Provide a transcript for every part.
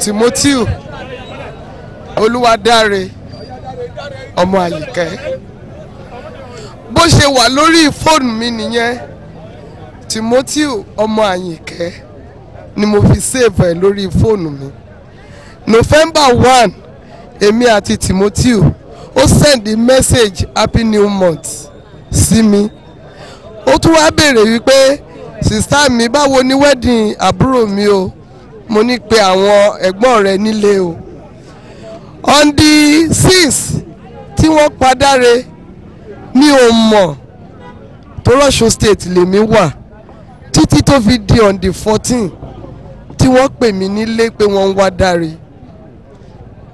Timothy Olúwadáre ọmọ Àyìnkẹ́ bó ṣe wà lórí fóònù mi nìyẹn Timothy ọmọ Àyìnkẹ́ ni mo fi save ẹ̀ lórí fóònù mi November one èmi àti Timothy ó send the message happy new month sí mi ó tún wá béèrè wípé sista mi báwo ni wedding àbúrò mi o mo ní pé àwọn ẹ̀gbọ́n rẹ nílé o on the six tí wọ́n padáre mi ò mọ̀ tó rọ́ṣọ state lèmi wà títí tó fi di on the fourteen tí wọ́n pè mí nílé pé wọ́n ń wá dáre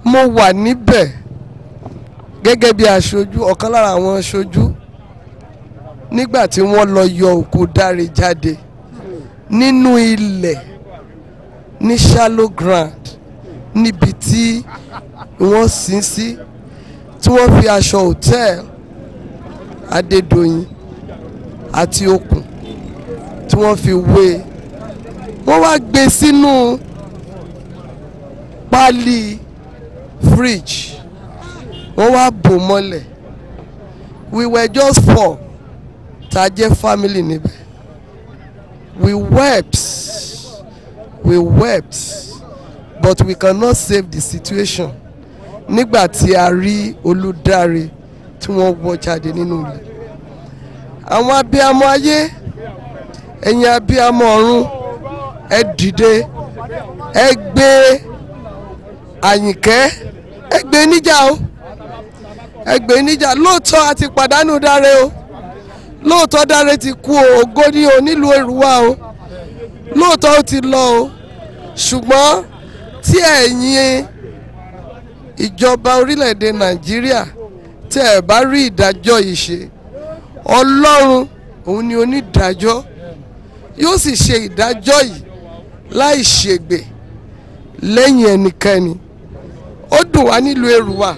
mo wà níbẹ̀ gẹ́gẹ́ bí aṣojú ọ̀kan lára àwọn aṣojú nígbà tí wọ́n lọ yọ òkú Dáre jáde nínú ilẹ̀ ní shallow ground níbi tí wọ́n sin sí tí wọ́n fi aṣọ hòtẹ́ẹ̀lì Adédoyin àti okùn tí wọ́n fi wé e wọ́n wá gbé e sínú pálí fridge wọ́n wá bò mọ́lẹ̀ we were just four tá jẹ́ family níbẹ̀ we wept we wept but we cannot save the situation nígbà tí a rí olùdarí tí wọ́n wọ́ jáde nínú ilé àwọn abiyamọ ayé ẹ̀yin abiyamọ ọ̀run ẹ dìde ẹ gbé Àyìnkẹ́ ẹ gbé níjà o ẹgbẹ́ níjà lóòótọ́ a ti pàdánù Dáre o lóòótọ́ Dáre ti kú o ògo ni o nílùú Èrúwà o lóòótọ́ ó ti lọ o ṣùgbọ́n tí ẹ̀yin ìjọba orílẹ̀-èdè Nàìjíríà tí ẹ bá rí ìdájọ́ yìí ṣe Ọlọ́run òun ni onídàájọ́ yóò sì ṣe ìdájọ́ yìí láì ṣègbè lẹ́yìn ẹnikẹ́ni ó dùn wá nílùú Èrúwà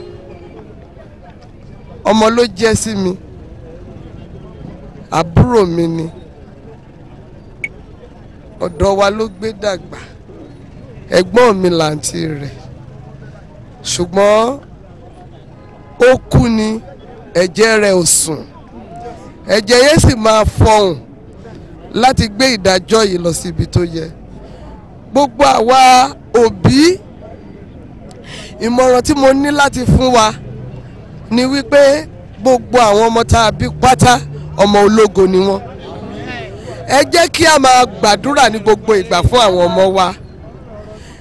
ọmọ ló jẹ́ sí mi àbúrò mi ni ọ̀dọ̀ wa ló gbé dàgbà ẹ̀gbọ́n mi làǹtí rẹ̀ ṣùgbọ́n ó kú ni ẹ̀jẹ̀ rẹ̀ ò sùn ẹ̀jẹ̀ yẹn sì máa fọhùn láti gbé ìdájọ́ yìí lọ sí ibi tó yẹ gbogbo àwa òbí ìmọ̀ràn tí mo ní láti fún wa ni wípé gbogbo àwọn ọmọ tá a bí pátá ọmọ ológo ni wọ́n ẹ jẹ́ kí a máa gbàdúrà ní gbogbo ìgbà fún àwọn ọmọ wa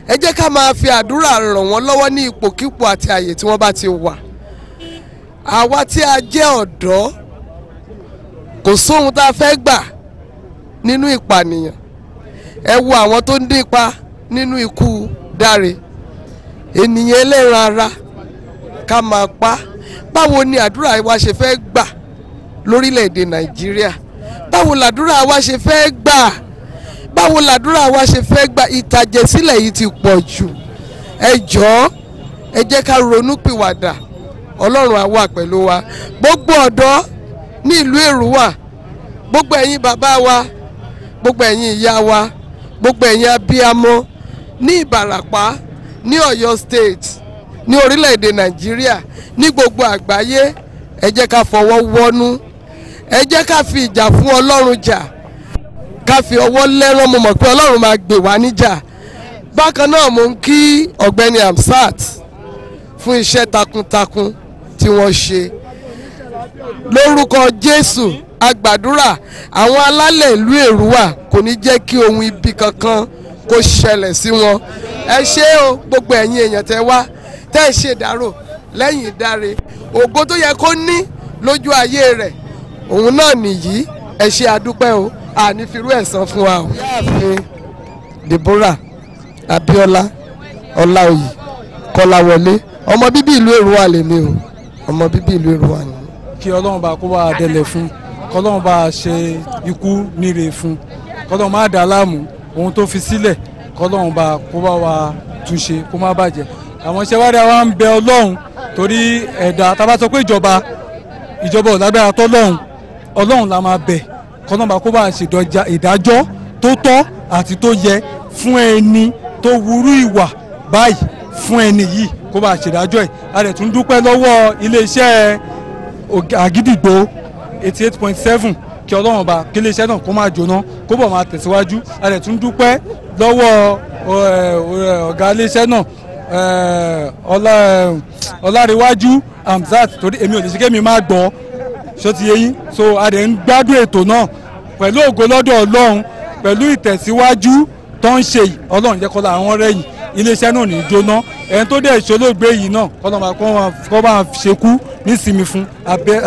ẹ jẹ́ ká máa fi àdúrà ràn wọ́n lọ́wọ́ ní ipòkípò àti àyè tí wọ́n bá ti wà àwa tí a jẹ́ ọ̀dọ́ kò sóhun tá a fẹ́ gbà nínú ìpànìyàn ẹ wo àwọn tó ń dípa nínú ikú dáre ènìyàn ẹlẹ́ran ara ká máa pa á báwo ni àdúrà wa ṣe fẹ́ gbà lórílẹ̀‐èdè nàìjíríà báwo làdúrà wa ṣe fẹ́ gbà báwo làdúrà wa ṣe fẹ́ gbà ìtàjẹ̀sílẹ̀ yìí ti pọ̀ jù ẹ jọ̀ọ́ ẹ jẹ́ ká ronú pìwàdà ọlọ́run á pẹ̀lú wa gbogbo ọ̀dọ́ ní ìlú Èrúwà gbogbo ẹ̀yin bàbá wa gbogbo ẹ̀yin ìyá wa gbogbo ẹ̀yin abiyamọ ní Ìbàràpá ní Ọ̀yọ́ state ní orílẹ̀-èdè nàìjíríà ní gbogbo àgbáyé ẹ jẹ́ ká fọwọ́ wọ́nú ẹ jẹ́ ká fi ìjà fún ọlọ́run jà ká fi ọwọ́ lẹ́rán mo mọ̀ pé ọlọ́run máa gbè wá níjà bákan náà mo ń kí ọ̀gbẹ́ni Hamsat fún iṣẹ́ takuntakun tí wọ́n ṣe lórúkọ jésù agbàdúrà àwọn alálẹ̀ ìlú èrúwà kò ní jẹ́ kí ohun ibi kankan kó ṣẹlẹ̀ sí wọn ẹ ṣé o gbogbo ẹ̀yin èèyàn tẹ́ wá tẹ́ ẹ ṣe ìdárò lẹ́yìn ìdáre ògo tó yẹ kó ní lójú ayé rẹ̀ òun náà nìyí ẹ ṣe àdúpẹ́ o àní firú ẹ̀ san fún wa o. ìyáàfin Deborah Abíọ́lá Ọláoyè Kọ́láwọlé ọmọ bíbí ìlú Èrúwà lèmi o ọmọ bíbí ìlú Èrúwà ni. kí ọlọ́run bá kó bá a dẹlẹ̀ fún kọ́lọ́run bá a ṣe ikú níre fún kọ́lọ́run má dà á láàmú ohun tó fi sílẹ̀ kọ́lọ́run bá kó bá wa túnṣe kó má bàjẹ́ àwọn iṣẹ́ wárí àwa ń bẹ ọlọ́run torí ẹ̀dá tá a bá sọ pé ìjọba ìjọba ò tọ́ lọ́run ọlọ́run la máa bẹ̀ kọ́nọ́mà kó bá a ṣe ìdájọ́ tó tọ́ àti tó yẹ fún ẹni tó wúrú ìwà báyìí fún ẹni yìí kó bá a ẹ̀ a dẹ̀ tún dúpẹ́ lọ́wọ́ iléeṣẹ́ àgídìgbò eighty eight point seven kí ọlọ́run bá kí iléeṣẹ́ náà kó máa jóná kó bọ̀ máa tẹ̀síwájú a dẹ̀ tún dúpẹ́ lọ́wọ́ ọ̀gá iléeṣẹ́ náà Eh, eh, ọlárẹ̀wájú amzat torí èmi ò ní sike mi máa gbọ́ ṣó ti yé yín so a dẹ̀ ń gbádùn ètò náà pẹ̀lú ògo lọ́dọ̀ ọlọ́run pẹ̀lú ìtẹ̀síwájú tó ń ṣe yìí ọlọ́run jẹ́ kọ́lá àwọn rẹ̀yìn iléeṣẹ́ náà ní í jóná ẹni tó dẹ̀ ṣolóògbé yìí náà kọ́lọ́mà kó bá ṣekú nísìmí fún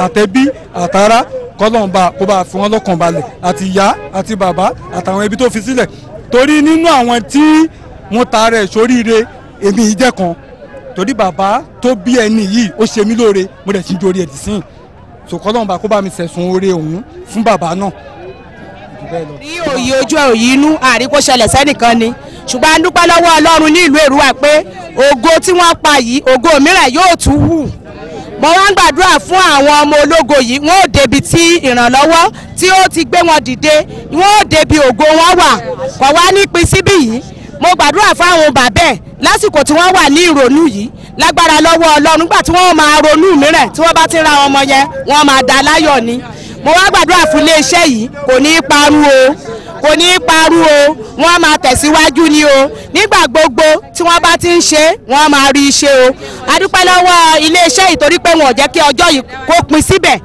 àtẹ̀bí àtàrà kọ́lọ́mà kó bá fi wọ́n lọ́kàn balẹ̀ àti ìyá àti bàbá àtàwọn ẹbí tó fi sílẹ̀ torí nínú àwọn tí wọ́n ta rẹ̀ sóríire èmi ìjẹ́ kan torí bàbá tó bí ẹni yìí ó ṣe mí lóore mo dẹ̀ ti ń dorí ẹ̀ dì sín sòkò ọlọ́run bá kó bá mi sẹ̀sùn oore òun fún bàbá náà. ní òye ojú òye inú àríkó ṣẹlẹ̀ sẹ́nìkan ni ṣùgbọ́n a dúpẹ́ lọ́wọ́ ọlọ́run ní ìlú èrúwà pé ògo tí wọ́n pa yìí ògo mìíràn yóò tún hù mo wá ń gbàdúrà fún àwọn ọmọ ológo yìí wọn ò débi tí ìrànlọ́wọ́ tí ó ti gbé wọn dìde wọn ò débi ògo wọn wà kò wá ní pin síbí yìí mo gbàdúrà fáwọn bàbá ẹ̀ lásìkò tí wọ́n wà ní ìrònú yìí lágbára lọ́wọ́ ọlọ́run nígbà tí wọ́n máa ronú mìíràn tí wọ́n bá ti ra àwọn ọmọ yẹn wọ́n máa dá láyọ̀ ni mo wá gbàdúrà fún iléeṣẹ́ yìí kò ní í parú o kò ní í parú o wọ́n máa tẹ̀síwájú ni o nígbà gbogbo tí wọ́n bá ti ń ṣe wọ́n máa rí i ṣe o adúpẹ́ lọ́wọ́ iléeṣẹ́ yìí torí pé wọn ò jẹ́ kí ọjọ́ yìí kó pin síbẹ̀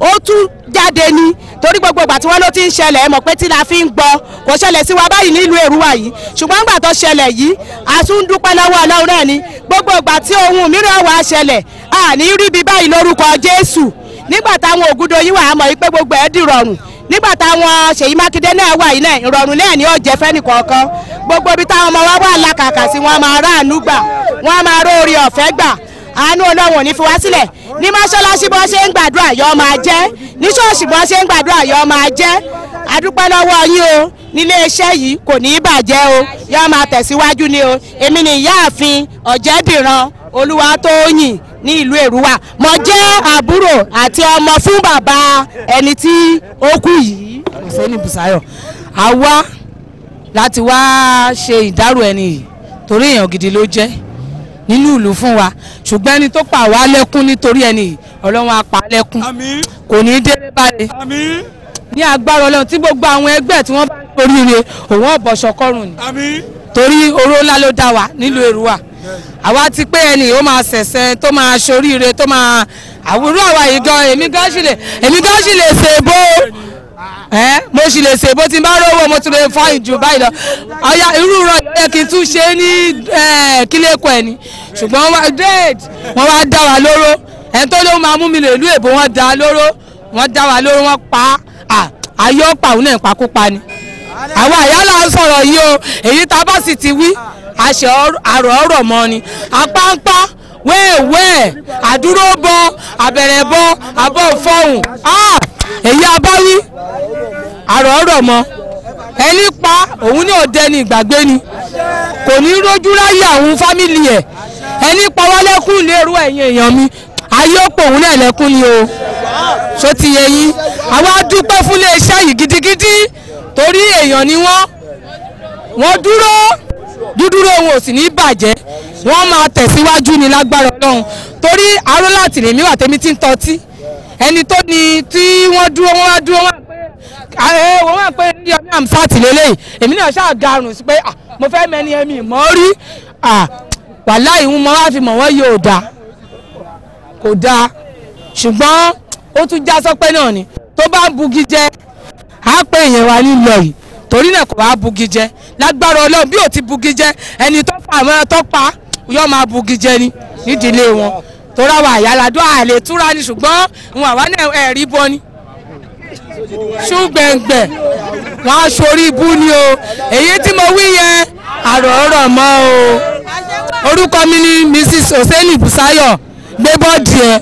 ó tún jáde ni torí gbogbo ìgbà tí wọ́n ló ti ń ṣẹlẹ̀ ẹ mọ̀ pé tí la fi ń gbọ́ kò ṣẹlẹ̀ sí wa báyìí nílùú Èrúwà yìí ṣùgbọ́n ìgbà tó ṣẹlẹ̀ yìí a tún dúpẹ́ lọ́wọ́ Ọlọ́run náà ni gbogbo ìgbà tí ohun mìíràn wà ṣẹlẹ̀ a ní rí bí báyìí lórúkọ Jésù nígbà táwọn Ògúndoyin wà á mọ̀ pé gbogbo ẹ̀ dìrọ̀rùn nígbà táwọn Ṣèyí Mákindé náà wà yìí náà ìrọ̀rùn náà ni ó jẹ́ fẹ́nìkọ̀ọ̀kan gbogbo ibi táwọn ọmọ wa wà lákàkà sí wọn máa ráàánú gbà wọn máa róore ọ̀fẹ́ gbà àánú ọlọ́run ò ní fi wá sílẹ̀ ní mọ́ṣáláṣí bó ṣe ń gbàdúrà yọ máa jẹ́ ní ṣọ́ọ̀ṣì bó ṣe ń gbàdúrà yọ máa jẹ́ adúpẹ́ lọ́wọ́ yín o nílé iṣẹ́ yìí kò ní í bàjẹ́ o yọ máa tẹ̀síwájú ni o èmi ni ìyáàfin ọ̀jẹ̀dìran olúwatóyìn ní ìlú èrúwà mo jẹ́ àbúrò àti ọmọ fún bàbá ẹni tí ó kú yìí. àwa láti wá ṣe ìdárò ẹni yìí torí èèyàn gidi ló jẹ́ nínú ìlú fún wa ṣùgbọ́n ẹni tó pa wá lẹ́kún nítorí ẹni ọlọ́run á lẹ́kún kò ní í délé báyìí ní agbára ọlọ́run tí gbogbo àwọn ẹgbẹ́ tí wọ́n bá ń oríire òun ọ̀bọ̀ ṣọkọ́rùn ni torí oró ńlá ló dá wa nílùú Èrúwà àwa ti pé ẹni ó máa ṣẹ̀ṣẹ̀ tó máa ṣoríire tó máa àwùrọ̀ àwa yìí gan èmi gan sì lè èmi gan sì lè ṣe bó mo sì lè ṣe bó ti bá rówó mo ti lè fọ ìjù báyìí lọ ẹ kì í tún ṣe ní kílẹ̀kọ̀ ẹ̀ ni ṣùgbọ́n wọ́n wá dá wa lóró ẹni tó ló máa mú mi lè lú èbó wọ́n dá lóró wọ́n dá wa lóró wọ́n pa á ayé ọ̀pá òun náà pakópa ni àwọn àyálà ń sọ̀rọ̀ yìí o èyí tá a bá sì ti wí àṣẹ àrọ̀ ọ̀rọ̀ mọ́ ni apáńpá wẹ́ẹ̀wẹ́ẹ̀ àdúró bọ àbẹ̀rẹ̀ bọ àbọ̀ fọ́hùn èyí abáwí àrọ̀ ọ̀rọ̀ mọ́ ẹni pa òun ní òde ni ìgbàgbé ni kò ní rójú ráyè àwọn fámìlì ẹ̀ ẹni pawọ́lẹ́kùn lérò ẹ̀yìn èèyàn mi ayé òpò òun náà lẹ́kùn ni o ṣó ti yẹ yín àwa dúpẹ́ fún iléeṣẹ́ yìí gidigidi torí èèyàn ni wọ́n wọ́n dúró dúdúró wọn ò sì ní bàjẹ́ wọ́n máa tẹ̀síwájú ní lágbára ọlọ́run torí arúlá tìrèmí wà tèmi ti ń tọ́tí ẹni tó ni tí wọ́n dúró wọ́n wá dúró wọ́n ẹ ah, eh, wọ́n wà pé ní ọdún amsat lélẹ́yìn èmi náà ṣáà garun sí pé ah, mo fẹ́ mẹ́ni ẹ̀mí mọ́ rí ah, wàláì ń mọ́ wá fi mọ̀ wọ́n yóò dáa kò dáa ṣùgbọ́n ó tún já sọ́pẹ́ náà ni tó bá ń bugi jẹ á pé èèyàn wa nílò yìí torí náà kò wá bugi jẹ lágbára ọlọ́run bí ò ti bugi jẹ ẹni tó pa àmọ́ tó pa yóò máa bugi jẹ ni nídìílé wọn tó ráwà àyálàdó àlè túra ni ṣùgbọ́n wọn àwa náà ẹ̀rí bọ́ ni ṣùgbẹ̀ngbẹ̀ wọn aṣọ orí ibú ni o èyí tí mo wí yẹn àròọ̀rọ̀ mọ́ o orúkọ mi ni Mrs. Hossein Busayo gbé bọ́ọ̀dì ẹ̀.